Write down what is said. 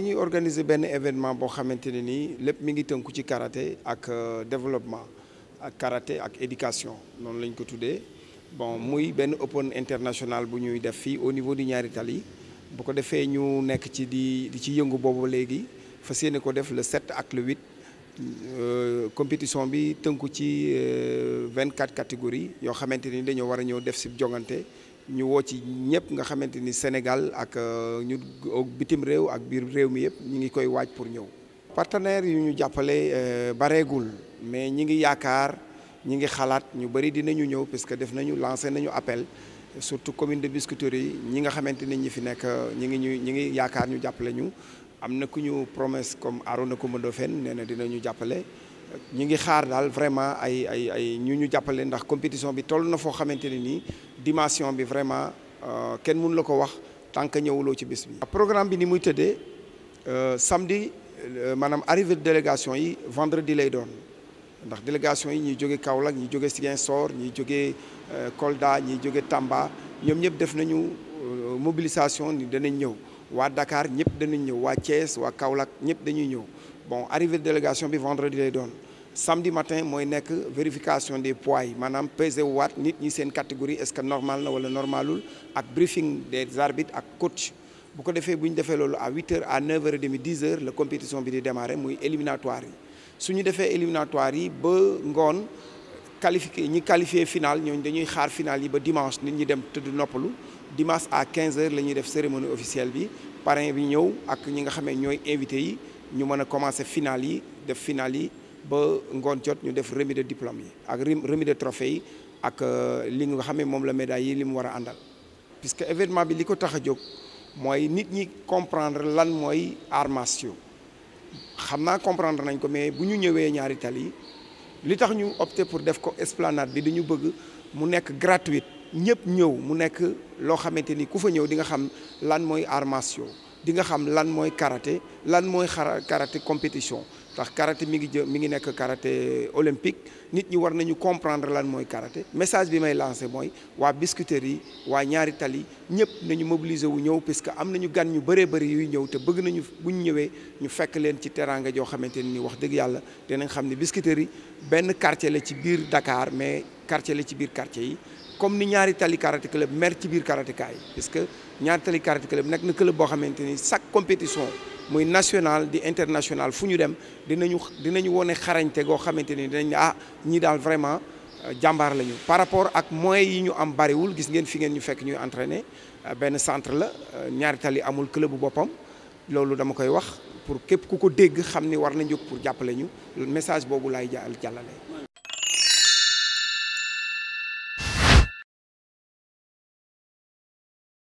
dañuy organiser ben événement bo xamanteni ni lepp mi ngi tënku ci karaté ak euh, développement ak karaté ak éducation non lañ ko tuddee bon muy ben open international bu ñuy def fi au niveau du ñaari tali bu ko défé ñu nekk ci di di ci yëngu bobu légui fas yéene ko def le 7 ak le 8 euh compétition bi tënku ci 24 euh, catégories yo xamanteni dañu wara war ñëw def ci jonganté ñu woo ci ñëpp nga xamante ni Sénégal ak euh, ñu bitim réew ak biir réew mi yëpp ñu ngi koy waaj pour ñëw. partenaires yu ñu jàppale euh, bareegul mais ñi ngi yaakaar ñi ngi xalaat ñu bëri dinañu ñëw parce que def nañu lancé nañu appel surtout commune de Biscuiterie yi ñi nga xamante ni ñi fi nekk ñi ngi ñu ñi ngi yaakaar ñu jàppale ñu am na ku ñu promesse comme Arona Coumba Ndoffène nee na dinañu jàppale. ñi ngi xaar daal vraiment ay ay ay ñu ñu jàppale ndax compétition bi tollu na fo xamanteni ni dimension bi vraiment euh, kenn mënu la wax tant ñewulo ci bis bi. Ah, programme bi ni muy tëddee euh, samedi euh, manam arrivée délégation yi vendredi lay doon ndax délégation yi ñi joggé Kaolack ñi joggé jóge Ziguinchor ñi jóge Kolda ñi joggé Tamba ñom ñëpp def nañu mobilisation ni danañ ñew wa Dakar ñëpp danañ ñew wa Thiès wa Kaolack ñëpp dañuy ñew bon arrivée délégation bi vendredi les donne. samedi matin mooy nekk vérification des poids Madame maanaam pesé waat nit ñi seen catégorie est-ce que normal ou normal normalul ak briefing des arbitres ak coach bu ko defee bu ñu à 8 h à 9 h et demi 10 h la compétition bi di démarrer moi éliminatoire yi su nous éliminatoire yi ba qualifié ñi qualifié final ñooñu dañuy xaar final dimanche nous ñi dem tëdd noppalu dimanche à 15 h nous ñuy def cérémonie officielle bi parrain bi ñëw ak ñi nga xamee invité ñu mën a commencé final yi def final yi ba ngoon jot ñu def remis de diplôme yi ak remis de trophée yi ak euh, li nga xam ne la médaille yi li mu war puisque événement bi li ko tax a jóg mooy nit ñi comprendre lan mooy arts martiaux xam naa comprendre nañ ko mais bu ñu ñëwee ñaari tali li tax ñu opté pour def ko esplanade bi dañu bëgg mu nekk gratuite ñëpp ñëw mu nekk loo xamante ni ku fa ñëw di nga xam lan mooy arts di nga xam lan moy karaté lan moy karaté compétition tax karaté mi ngi mi ngi nek karaté olympique nit ñi war nañu comprendre lan moy karaté message bi may lancer moy wa Biscuiterie wa ñaari tali ñëpp nañu mobiliser wu ñew parce que am nañu gan ñu bëree bëri yu ñew te bëgg nañu bu ñu ñëwee ñu fekk leen ci teraanga jo xamanteni ni wax deug yalla dinañ xam Biscuiterie Ben quartier la ci biir Dakar mais quartier la ci biir quartier yi comme ni ñaari tali karaté club mer ci biir karatékaay parce que ñaari tali karaté club nekk na club bo xamanteni chaque compétition muy national di international fuñu dem dinañu dinañu woné xarañté go xamanteni dinañ ah ñi dal vraiment euh, jambar lañu par rapport ak moyens yi ñu am bariwul gis ngeen fi ngeen ñu fekk ñuy entraîner ben centre la euh, ñaari tali amul club bopam lolu dama koy wax pour képp ku ko dégg xamni war nañu pour jàppale ñu message bobu lay jallalé